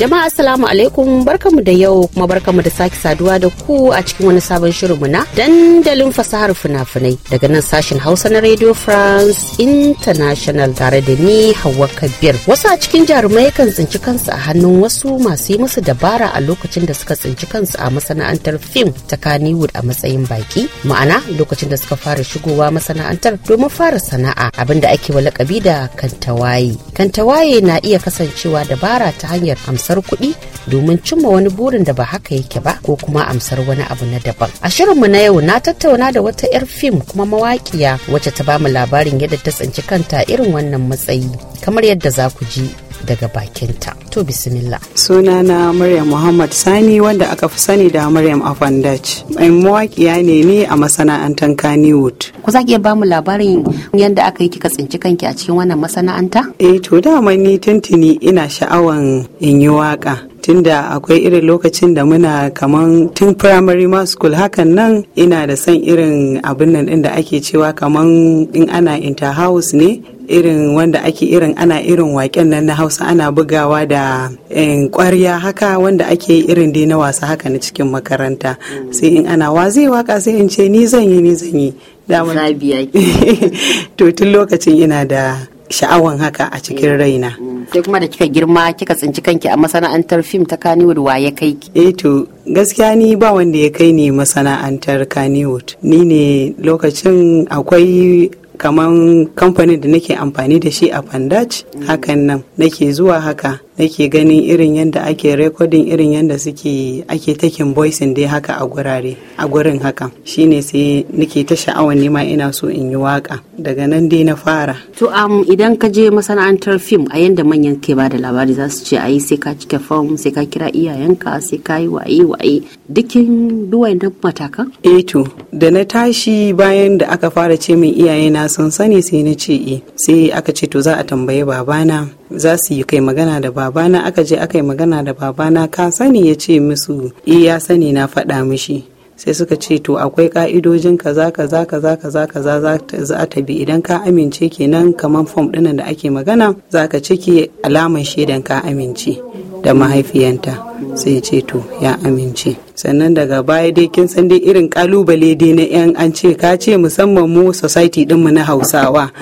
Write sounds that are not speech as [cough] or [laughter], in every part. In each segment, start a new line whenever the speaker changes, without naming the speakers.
Jama'a assalamu alaikum barkamu da yau kuma barkamu da sake saduwa da ku a cikin wani sabon shirin mu na dandalin fasahar fina-finai daga nan sashen Hausa na Radio France International tare da ni Hauwa Kabir. Wasu a cikin jarumai kan tsinci kansu a hannun wasu masu yi musu dabara a lokacin da suka tsinci kansu a masana'antar fim ta Kannywood a matsayin baki ma'ana lokacin da suka fara shigowa masana'antar domin fara sana'a abinda ake wa lakabi da kantawaye. Kantawaye na iya kasancewa dabara ta hanyar amsa amsar kuɗi domin cimma wani burin da ba haka yake ba ko kuma amsar wani abu na daban a shirinmu na yau na tattauna da wata 'yar fim kuma mawaƙiya wacce ta bamu labarin yadda ta tsinci kanta irin wannan matsayi kamar yadda za ku ji daga bakinta to bismillah
na maryam muhammad sani wanda aka fi sani da maryam
afandach Mai mawaƙiya ne ni a masana'antar kannywood ku za ki iya bamu labarin yadda aka yi kika tsinci kanki a cikin wannan masana'anta eh to dama ni tuntuni ina
sha'awan in yi waƙa tunda akwai irin lokacin da muna kaman tun primary ma school hakan nan ina da son irin abin nan din da ake cewa kaman in ana inter house ne irin wanda ake irin ana irin waken nan na hausa ana bugawa da kwarya eh, haka wanda ake irin dai na wasa haka na cikin makaranta sai in ana wa zai waka sai in ce ni zan yi ni zan yi [laughs]
to tun lokacin ina da sha'awan haka a cikin mm. raina sai mm. kuma da kika girma kika tsinci kanki a masana'antar fim ta Kannywood wa ya kai ki? Eh to gaskiya ni ba wanda ya
kai ni masana'antar Kannywood. Ni ne lokacin akwai kamar kamfanin da nake amfani da shi a fandaci hakan nan nake zuwa haka nake ganin irin yadda ake rekodin irin yadda suke ake takin voicing dai haka a gurare a gurin haka shine sai nake ta sha'awar nema ina so in yi waka daga
nan dai na fara to um, idan ka je masana'antar fim a yadda manyan ke ba da labari za su ce ayi sai ka cike fom sai ka kira iyayenka sai ka yi waye waye dukin duwai na matakan eh to da na tashi bayan da aka fara ce min iyayena sun
sani sai na ce eh. sai aka ce to za a tambayi babana za su yi kai magana da babana aka je aka yi magana da babana ka sani ya ce musu iya eh, sani na faɗa mishi sai suka ce to akwai ka'idojin kaza kaza kaza kaza kaza za ta bi idan ka amince kenan kamar fom ɗinnan da ake magana za ka ciki alaman shaidan ka amince da mahaifiyanta sai ce to ya amince sannan daga baya dai kin san dai irin kalubale dai na yan an ce ka ce musamman mu society dinmu na hausawa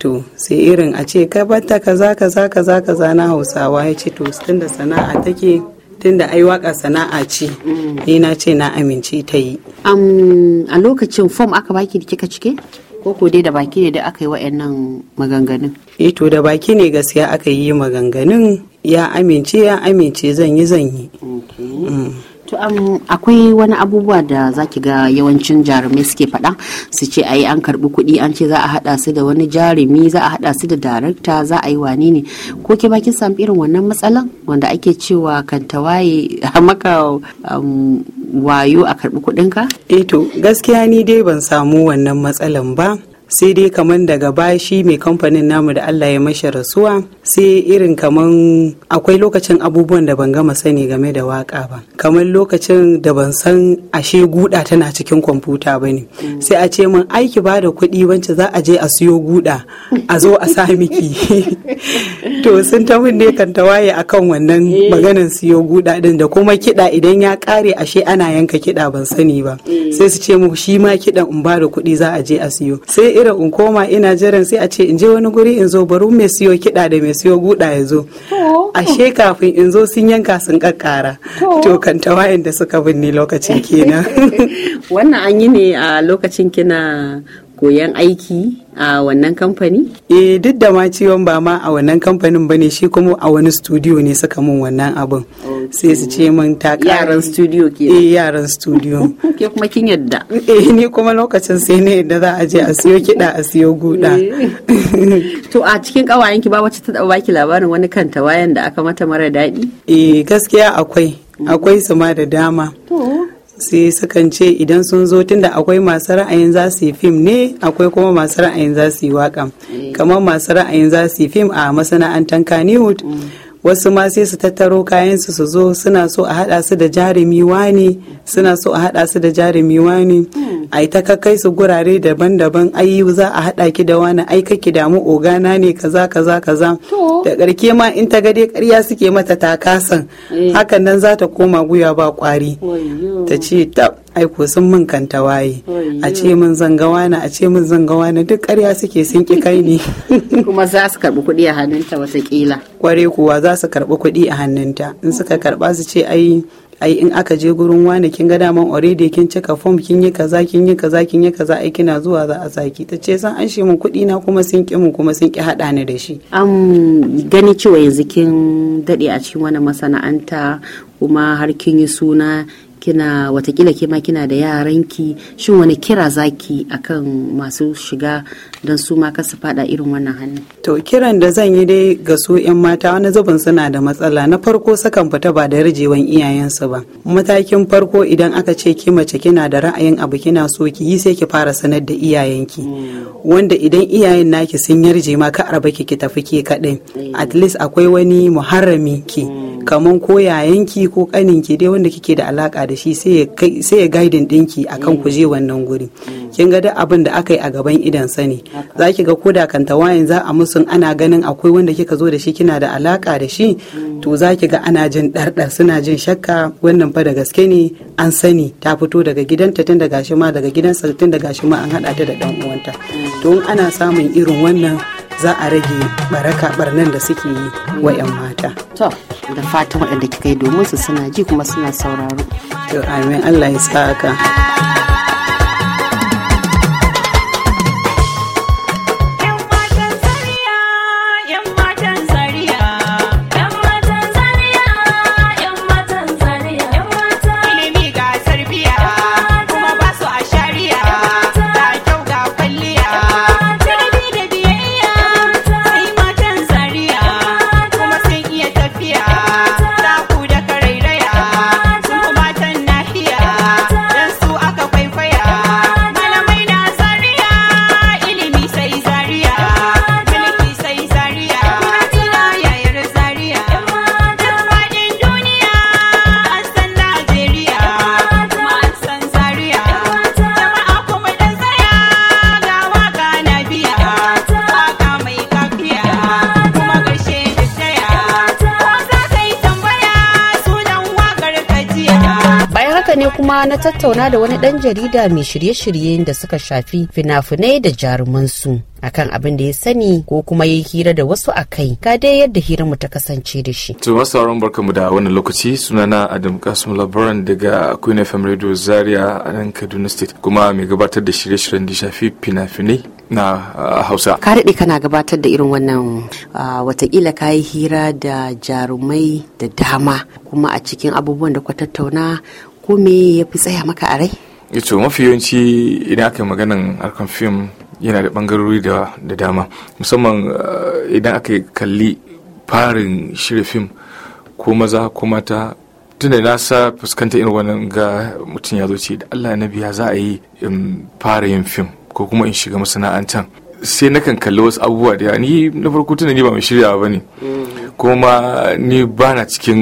to sai irin a ce ka batta ka za ka za na hausawa ya ce to da sana'a take da ai waka sana'a ce mm. ni na ce na amince ta yi
a lokacin fom aka baki da kika cike ko ko dai da baki ne da aka yi wa'annan
maganganun eh to da baki ne gaskiya aka yi maganganun
ya amince ya amince zan yi zan yi
mm.
To um, akwai wani abubuwa da za ki ga yawancin jarumai suke faɗa su ce yi an karɓi kuɗi an ce za a haɗa su da wani jarumi za a haɗa su da darakta za a yi wane ne ko ke bakin sam irin wannan matsalan wanda ake cewa kan tawaye a maka um, wayo a karɓi kuɗinka? eto eh to
gaskiya ni dai ban samu wannan matsalan ba sai dai kamar daga baya shi mai kamfanin namu da allah ya mashi rasuwa sai irin kaman akwai lokacin abubuwan da ban gama sani game da waka ba kamar lokacin da ban san ashe guda tana cikin kwamfuta ba ne sai a ce min aiki ba da kuɗi wance za a je a siyo guda a zo a sa miki [laughs] to sun ta mun ne kan tawaye akan wannan eh. maganan siyo guda din da kuma kiɗa idan ya ƙare ashe ana yanka kiɗa ban sani ba eh. sai su ce mu shi ma kiɗan in ba da kuɗi za a je a siyo sai irin in koma ina jiran sai a ce in je wani guri in zo bari mai siyo kiɗa da mai siyo guda ya zo ashe kafin in zo sun yanka sun kakkara to kan wayan da suka binne lokacin kina
[laughs] [laughs] wannan an yi ne a lokacin kina koyan aiki a wannan kamfani?
E duk da ma ciwon ba ma a wannan kamfanin ba ne shi kuma a wani studio ne suka mun wannan abin. Sai su ce min ta Yaran studio ke. E eh, yaran studio.
[laughs] Ke kuma kin yadda. E
ni kuma lokacin sai ne yadda za a je a siyo kiɗa a siyo guda.
To a cikin kawayen ki ba wacce ta taɓa baki labarin wani kanta wayan da aka mata mara daɗi? E gaskiya akwai. Mm. Akwai su ma da dama. To. sai
sukan ce idan sun zo tunda akwai masu ra'ayin za su yi fim ne akwai kuma masu ra'ayin za su yi waka eh. kamar masu ra'ayin za su yi fim a masana'antar kannywood mm. wasu ma sai su tattaro kayansu su zo suna so a haɗa su da jarumi wani suna so a haɗa su da jarumi wani a ta kai su gurare daban-daban ayi za a haɗa ki da wani ai ki damu ogana ne kaza kaza kaza da ƙarke ma in ta gade ƙarya suke mata takasan eh. hakan nan za ta koma guya ba kwari ta ce aiko sun min kanta waye a ce min zanga wani a ce min zanga wani duk ƙarya suke sun ki kai ne [laughs] kuma za su karɓi kuɗi a hannunta watakila kware kuwa za su karɓi kuɗi a hannunta in suka karba su ce ai ai in aka je gurin wani kin ga daman already kin cika form kin yi kaza kin yi kaza kin yi kaza ai kina zuwa za a saki ta ce san an min
kuɗi na kuma sun ki mun kuma sun ki hada ni da shi an gani cewa yanzu kin dade a cikin wani masana'anta kuma har kin yi suna kina watakila kima kina da yaranki shin wani kira zaki akan masu shiga don su ma kasa fada irin wannan hannu
to kiran da zan yi dai ga su 'yan mata wani zubin suna da matsala na farko sakan fita ba da rijewan iyayensu ba matakin farko idan aka ce ki mace kina da ra'ayin abu kina so ki yi sai ki fara sanar da iyayen ki hmm. wanda idan iyayen naki sun yarje ma ka arba ki tafi ke kaɗai hmm. at least akwai wani muharrami ki hmm. kaman ko yayanki ko kaninki dai wanda kike da alaka da shi sai ya gaidin ɗinki akan mm. ku je wannan guri mm. kin ga duk abin da aka yi a gaban idan sani za ki ga koda kan tawayin za a musun ana ganin akwai wanda kika zo da shi kina da alaka da shi mm. to za ki ga ana jin ɗarɗar suna jin shakka wannan fa da gaske ne an sani ta fito daga gidanta tun daga shi ma daga gidansa tun daga shi ma an haɗa ta da ɗan uwanta to in ana samun irin wannan za a rage baraka barnan da suke yi wa 'yan mata. To, da fatan waɗanda kika yi domin su suna ji kuma suna sauraro. To, amin Allah ya sa haka.
kuma na tattauna da wani ɗan jarida mai shirye-shirye da suka shafi fina-finai da jarumansu akan abin da ya sani ko kuma ya yi hira da wasu a kai ga dai yadda hiranmu ta kasance da shi.
To masu sauran mu da wannan lokaci na Adam Kasim Labaran daga Queen FM Radio Zaria a nan Kaduna State kuma mai gabatar da shirye-shiryen da shafi fina-finai na uh, Hausa. Ka daɗe
kana gabatar da irin wannan uh, watakila ka yi hira da jarumai da dama kuma a cikin abubuwan da ka tattauna ko me ya fi tsaya maka
a rai ito eh mafi yawanci idan aka yi maganan harkar fim yana da bangarori da dama musamman eh, idan aka kalli farin shirya fim ko maza ko mata tun na sa fuskanta irin wannan ga mutum ya zo ce da allah na biya za a yi in fara yin fim ko kuma in shiga masana'antar sai nakan kalli wasu abubuwa da ni na farko tunda ni ba mai shirya ba ne mm. kuma ni ba na cikin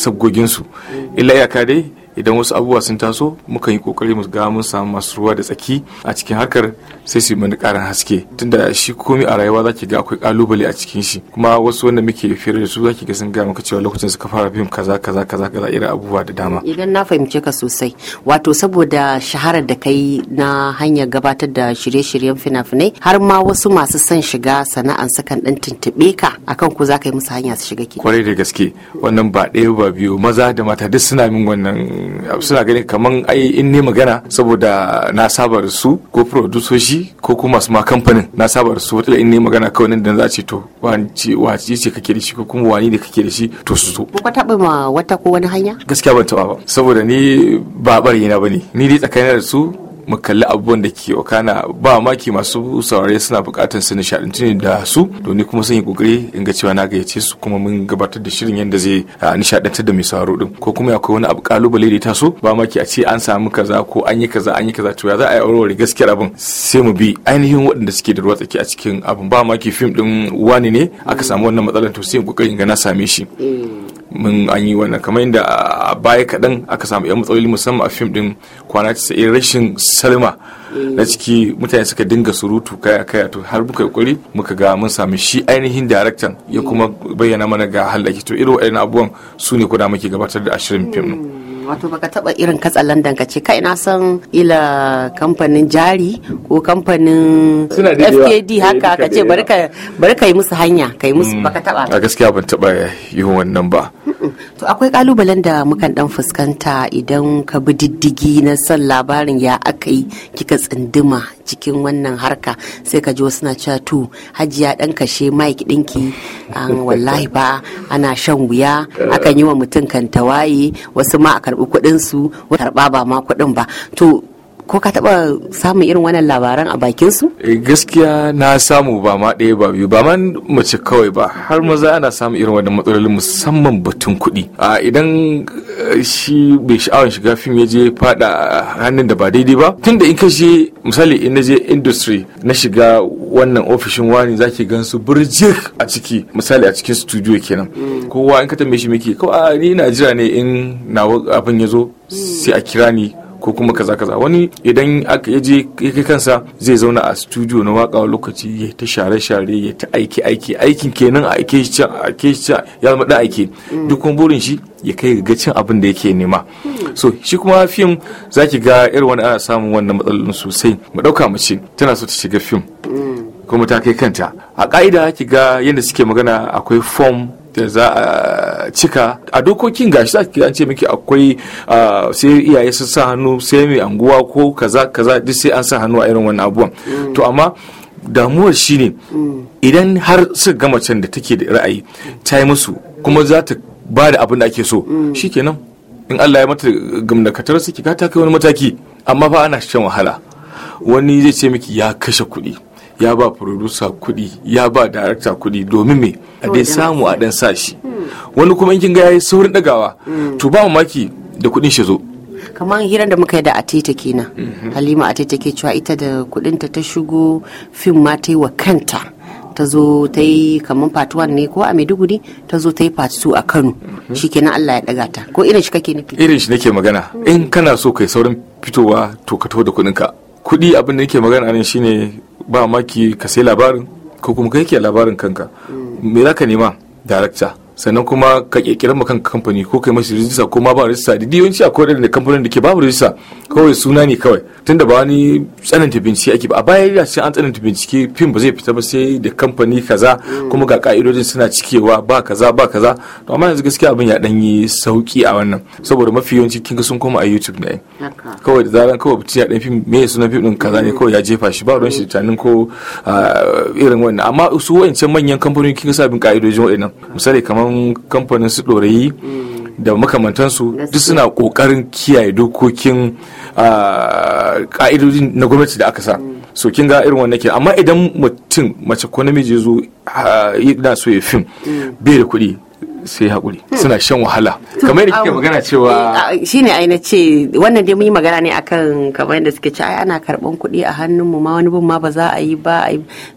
sabgoginsu mm. illa iyaka dai idan wasu abubuwa sun taso mukan yi kokari mu ga mun samu masu ruwa da tsaki a cikin harkar sai su yi mana karin haske tunda shi komai a rayuwa zaki ga akwai kalubale a cikin shi kuma wasu wanda muke fira da su zaki ga sun ga maka cewa lokacin suka fara fim kaza kaza kaza kaza irin abubuwa da dama
idan na fahimce ka sosai wato saboda shaharar da kai na hanyar gabatar da shirye-shiryen fina-finai har ma wasu masu son shiga sana'an sukan dan tuntube ka akan ku zaka yi musu hanya su shiga ki
kwarai da gaske wannan ba ɗaya ba biyu maza da mata duk suna min wannan suna ganin kamar ai in ne magana saboda na saba da su ko produsoshi ko kuma su ma kamfanin na saba da su wata in ne magana kawai nan da za ce to wace ce kake da shi ko kuma wani da kake da shi to su zo. Ko
ka taɓa ma wata ko wani hanya?
Gaskiya ban taɓa ba saboda ni ba ɓarina ba ne ni dai tsakanin da su mu kalli abubuwan da ke wakana ba maki masu saurare suna bukatar su nishadantu ne da su domin kuma sun yi kokari in ga cewa na gayyace su kuma mun gabatar da shirin yadda zai nishadantar da mai sauraro din ko kuma akwai wani abu kalubale da ya taso ba maki a ce an samu kaza ko an yi kaza an yi kaza to ya za a yi aurewar gaskiyar abin sai mu bi ainihin waɗanda suke da ruwa tsaki a cikin abin ba maki fim din wani ne aka samu wannan matsalar to sai in ga na same shi eh. mun an yi wannan kamar yadda a baya kaɗan aka samu yan matsaloli musamman a fim din kwana casa'in rashin salma na ciki mutane suka dinga surutu kaya kaya to har muka yi muka ga mun sami shi ainihin daraktan ya kuma bayyana mana ga halaki to irin waɗannan abubuwan su ne kuna muke gabatar da ashirin fim din.
wato baka taba irin katsalandan ka ce kai na san ila kamfanin jari ko kamfanin fkd eh, haka ka ce bari ka yi musu hanya ka yi musu mm. baka taba a gaskiya ban taba yi wannan ba to akwai kalubalen da mukan dan fuskanta idan ka bi diddigi na son labarin ya aka yi kika tsinduma cikin wannan harka sai ka ji wasu na cewa to hajiya dan kashe mike dinki wallahi ba ana shan wuya [laughs] akan yi wa mutum kan tawaye wasu ma a karbi kuɗin su karba ba ma kuɗin ba to ko ka taba samun irin wannan labaran a bakin su
eh, gaskiya na samu ba ma ɗaya ba biyu ba man mace kawai ba har maza ana samun irin wannan matsalolin musamman batun kuɗi a idan eh, shi bai sha'awar shiga fim ya je fada hannun da ba daidai ba tunda in ka je misali in na je industry na shiga wannan ofishin wani zaki gan su burjik a ciki misali a cikin studio kenan mm. kowa in ka tambaye shi muke kawai ni na jira ne in na abin ya zo mm. sai a kira ni ko kuma kaza kaza wani idan aka yaje kai kansa zai zauna a studio na waka lokaci ya ta share share ya ta aiki aiki aikin kenan a aike shi can aike shi can ya zama da duk kuma burin shi ya kai ga cin abin da yake nema so shi kuma fim zaki ga irin wani ana samun wannan matsalolin sosai mu dauka mace tana so ta shiga fim kuma ta kai kanta a ka'ida ki ga yadda suke magana akwai form da za a cika a dokokin gashi za ki ce miki akwai sai iyaye sun sa hannu sai mai anguwa ko kaza kaza duk sai an sa hannu a irin wannan abubuwan mm. to amma damuwar shine mm. idan har suka gama can da take da ra'ayi ta yi musu kuma za ta ba da abin da ake so mm. shikenan in Allah ya mata gamnakatar su ki ta kai wani mataki amma fa ana shan wahala wani zai ce miki ya kashe kuɗi ya ba producer kuɗi ya ba director kuɗi domin me a dai samu a dan sashi hmm. wani kuma in kin ga yayi saurin dagawa hmm. to ba mamaki da kuɗin shi zo
kamar hirar da muka yi da atita kenan mhm. halima atita ke cewa ita da kuɗinta ta shigo fim ma ta yi wa kanta ta zo ta yi kamar part ne ko a maiduguri ta zo ta yi part a kano mhm. shikenan allah ya daga ta ko irin shi kake nufi
irin shi nake magana hmm. in kana so kai saurin fitowa to ka taho da kudinka kuɗi abin da nake magana nan shine ba maki ka sai labarin ko kuma kai ke labarin kanka me za ka nema darakta sannan kuma ka kirkira ma kan kamfani ko kai mashi rijista ko ma ba rijista da yawanci akwai da kamfanin da ke babu rijista kawai suna ne kawai tunda ba wani tsananta bincike ake ba a baya da an tsananta bincike fim ba zai fita ba sai da kamfani kaza kuma ga ka'idodin suna cikewa ba kaza ba kaza to amma yanzu gaskiya abin ya dan yi sauki a wannan saboda mafi yawanci kinga sun koma a YouTube ne kawai da zaran kawai fitin ya dan fim me suna fim din kaza ne kawai ya jefa shi ba ruwan shi tunanin ko irin wannan amma su wayancan manyan kamfanoni kinga sabin ka'idojin waɗannan misali kamar kamfanin su ɗorayi da makamantansu duk suna kokarin kiyaye dokokin ka'idodin ah, na gwamnati da aka sa mm. so kin ga irin wannan ke amma idan mutum mace ko namiji zo ah, yana so ya fim mm. bai da kuɗi sai haƙuri suna shan wahala kamar yadda kike magana cewa
eh, shine ai ce wannan dai mun yi magana ne akan kamar yadda suke ce ai ana karban kuɗi a hannun mu ma wani bin ma ba za a yi ba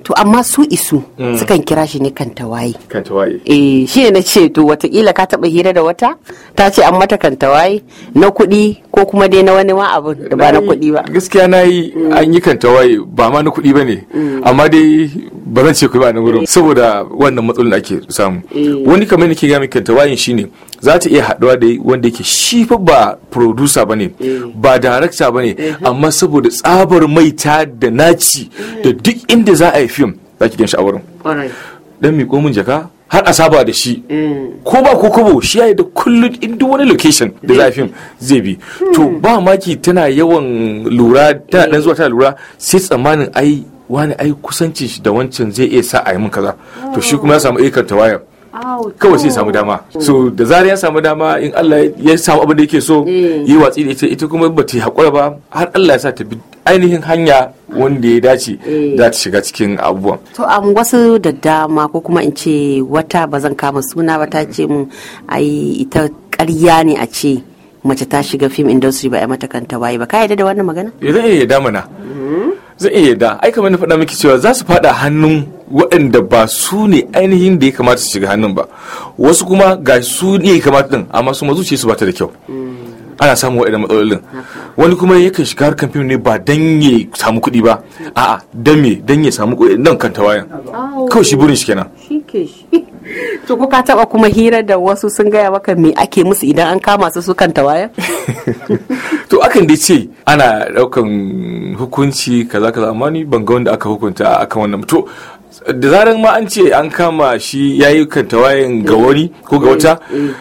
to amma su isu hmm. sukan kira shi ne kan tawaye kan tawaye eh shine na ce to watakila ka taɓa hira da wata ta ce an mata kan tawaye na kuɗi ko kuma dai na wani ma abun da
ba na kuɗi ba gaskiya na yi an yi kan tawaye ba ma na kuɗi ba ne hmm. amma dai ba zan ce ku ba na wurin eh. saboda wannan matsalolin ake samu eh. wani kamar yadda muke tawayin ne za ta iya haɗuwa da wanda yake shi fa ba producer bane mm. ba director ne mm-hmm. amma saboda tsabar mai ta da naci da mm. duk inda za a yi film za ki ganshi a wurin dan mi komun jaka har a saba da shi mm. ko ba ko kobo shi yayi da kullun in duk wani location da za a film zai bi to ba maki tana yawan lura tana dan zuwa tana lura sai tsammanin ai wani ai kusancin shi da wancan zai iya sa a yi min kaza to shi ah. kuma ya samu ikanta wayar kawai sai samu dama so da zarar ya samu dama in Allah ya samu abin da yake so eh. yi watsi da ita ita kuma ba ta haƙura ba har Allah ya sa ta bi ainihin hanya wanda ya dace eh. za ta shiga cikin abubuwan.
To am um, wasu da dama ko kuma in ce wata ba zan kama suna ba ta ce mu ai ita ƙarya ne a ce mace ta shiga film industry ba a mata kanta waye ba ka yarda da wannan magana?
Idan eh, ya damana. zai iya da ai kamar na faɗa miki cewa za su faɗa hannun waɗanda ba su ne ainihin da ya kamata su shiga hannun ba wasu kuma ga su ne ya kamata din amma su mazuci su bata da kyau mm. ana samun waɗanda matsalolin wani kuma yakan shiga harkar fim ne ba dan ya samu kuɗi ba a'a dan me dan ya samu kuɗi nan kan tawayan
oh. kawai shi burin shi kenan to ko ka taba kuma hira da wasu sun gaya maka me ake musu idan an kama su su kan tawaya
[laughs] to akan dai ce ana daukan hukunci kaza kaza amma ni ban ga wanda aka hukunta akan wannan to da zaran ma an ce an kama shi yayi kan tawayen ga mm. wani ko ga mm, wata mm.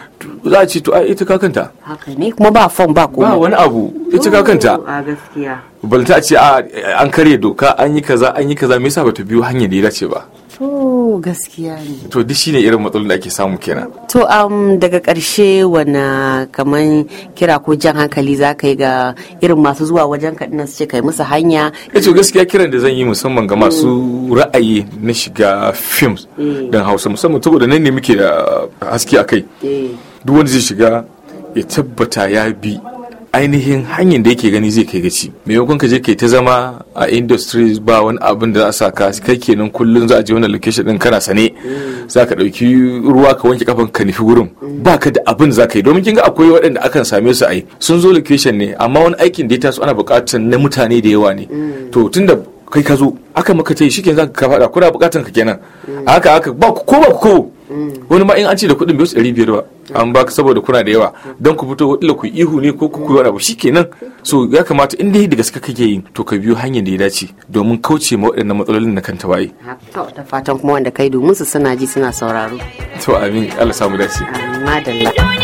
za a ce to ai ita kakanta haka ne kuma ba fon ba kuma ba wani abu ita kakanta oh,
a gaskiya
balta ce ah, an kare doka an yi kaza an yi kaza me yasa bata biyo hanyar da ya dace ba
To gaskiya ne.
To duk shine irin matsalolin da ake samu kenan.
To am um, daga ƙarshe wana kaman kira ko jan hankali za ka yi ga irin masu zuwa wajen ka dinnan su ce kai musu hanya.
E to gaskiya kiran da zan yi musamman ga masu mm. ra'ayi na shiga fim. Mm. don Hausa musamman saboda nan ne muke da haske a kai. Eh. Duk wanda zai shiga ya tabbata ya bi ainihin hanyar da yake gani zai kai gaci maimakon ka je kai ta zama a industries ba wani abin da za a saka kai kenan kullum za a je wani location din kana sane mm. za ka dauki ruwa ka wanke kafan ka nufi gurin mm. ba ka da abin za ka yi domin kin ga akwai waɗanda akan same su a yi sun zo location ne amma wani aikin da ya taso ana buƙatar na mutane da yawa ne mm. to tunda kai ka zo aka maka ta yi shi kenan za ka faɗa kuna buƙatar ka kenan haka haka ba ko ba ko wani ma in an ce da kuɗin biyu biyar ba an ba ka saboda kuna da yawa don ku fito wadda ku ihu ne ko ku wani abu shikenan so ya kamata in dai da gaske kake yi to ka biyo hanyar da ya dace domin kauce ma waɗannan matsalolin na kan waye
ta fatan kuma wanda kai domin su suna ji suna sauraro
to amin Allah samu dace
amin madalla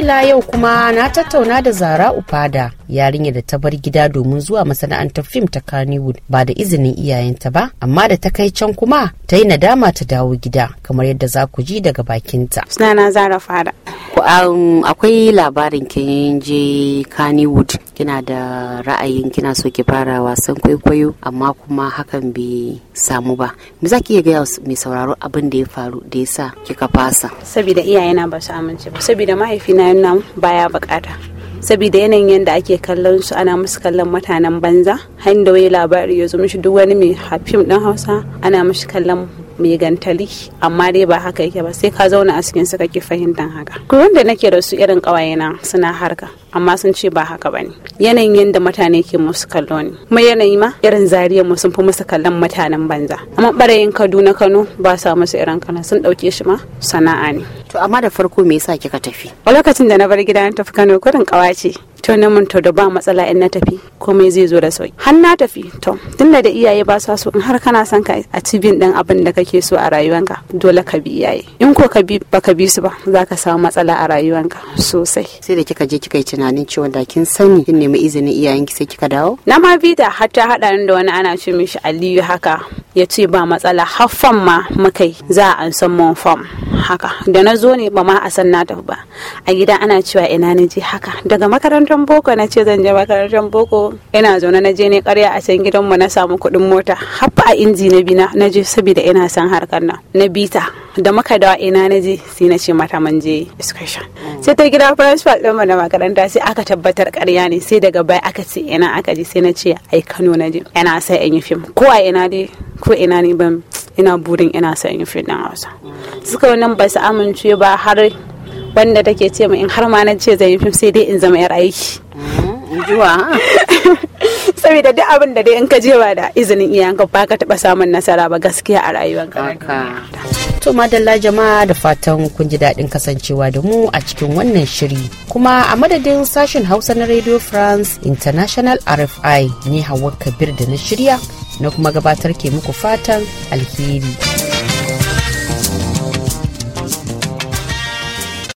ila yau kuma na tattauna da Zara Upada yarinya da ta bar gida domin zuwa masana'antar fim ta Kannywood ba da izinin iyayenta ba amma da ta kai can kuma ta yi nadama ta dawo gida kamar yadda za ku ji daga bakinta. Sunana Zara Fada. Um, akwai labarin kin je Kannywood kina da ra'ayin kina so ki fara wasan kwaikwayo amma kuma hakan bai samu ba me za ki iya gaya mai sauraro abin da ya faru da ya sa kika fasa
saboda iyayena ba su amince ba saboda mahaifina yana baya bukata saboda yanayin yadda ake kallon su ana musu kallon mutanen banza hanyar da wani labari ya zo mishi duk wani mai fim ɗin hausa ana mishi kallon mai gantali amma dai ba haka yake ba sai ka zauna a cikin suka ki fahimtar haka kurin da nake da su irin na suna harka amma sun ce ba haka bane yanayin yadda mutane ke musu kallo ne kuma yanayi ma irin zariya mu sun fi musu kallon mutanen banza amma barayin kaduna kano ba sa musu irin kana sun ɗauke shi ma sana'a ne to amma da farko me yasa kika tafi a lokacin da na bar gida na tafi kano kurin ƙawace to ne mun to da ba matsala in na tafi komai zai zo da sauki har na tafi to tunda da iyaye ba sa in har kana son ka a cibin din abin da kake so a rayuwanka dole ka bi iyaye in ko ka bi baka bi su ba za ka samu matsala a rayuwanka sosai sai da kika je kika yi tunanin cewa da kin sani
kin nemi izinin iyayenki sai kika dawo
na ma bi da har ta hada da wani ana ce mishi Aliyu haka ya ce ba matsala har fam ma mukai za a an san mun fam haka da na zo ne ba ma a san na tafi ba a gida ana cewa ina ne je haka daga makaranta makarantar boko na ce zan je makarantar boko ina zaune na je ne karya a can mu na samu kuɗin mota haffa a inji na bi na je saboda ina san harkar nan na bita da muka dawa ina na je sai na ce mata mun je excursion mm. sai ta gida principal din mu na makaranta sai aka tabbatar karya ne sai daga baya aka ce ina aka je sai na ce ai Kano na je ina sai an yi film ko a ina dai ko ina ne ban ina burin ina sai an yi film din Hausa mm. suka wannan ba su amince ba har wanda take ce in har ma na ce zan yi fim sai dai in zama yar aiki
zuwa mm-hmm.
[laughs] saboda duk abin da dai in ka je ba da izinin iyayenka ba ka taba samun nasara ba gaskiya a rayuwarka to madalla jama'a
da fatan kun ji daɗin kasancewa da mu a cikin wannan shiri kuma a madadin sashen hausa na radio france international rfi ne hawa kabir da na shirya na kuma gabatar ke muku fatan alheri